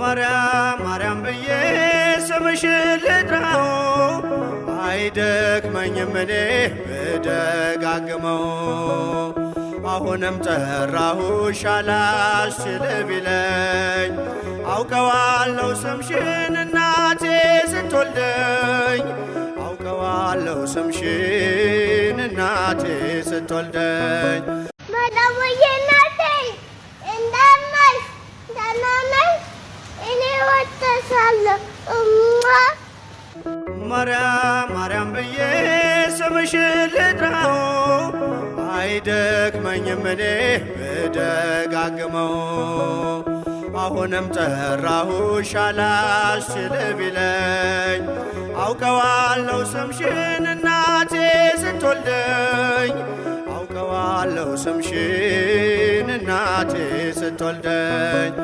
ማርያም ማርያም ብዬ ስምሽን ልጥራው አይደክመኝም እኔ ብደጋግመው አሁንም ጠራሁሽ አላስችል ቢለኝ አውቀዋለሁ ስምሽን እናቴ ስትወልደኝ አውቀዋለሁ ስምሽን እናቴ ስትወልደኝ ማርያም ማርያም ብዬ ስምሽን ልጥራው አይደክመኝም እኔ ብደጋግመው አሁንም ጠራሁሽ ሻላሽ ቢለኝ አውቀዋለሁ ስምሽን እናቴ ስትወልደኝ አውቀዋለሁ ስምሽን እናቴ ስትወልደኝ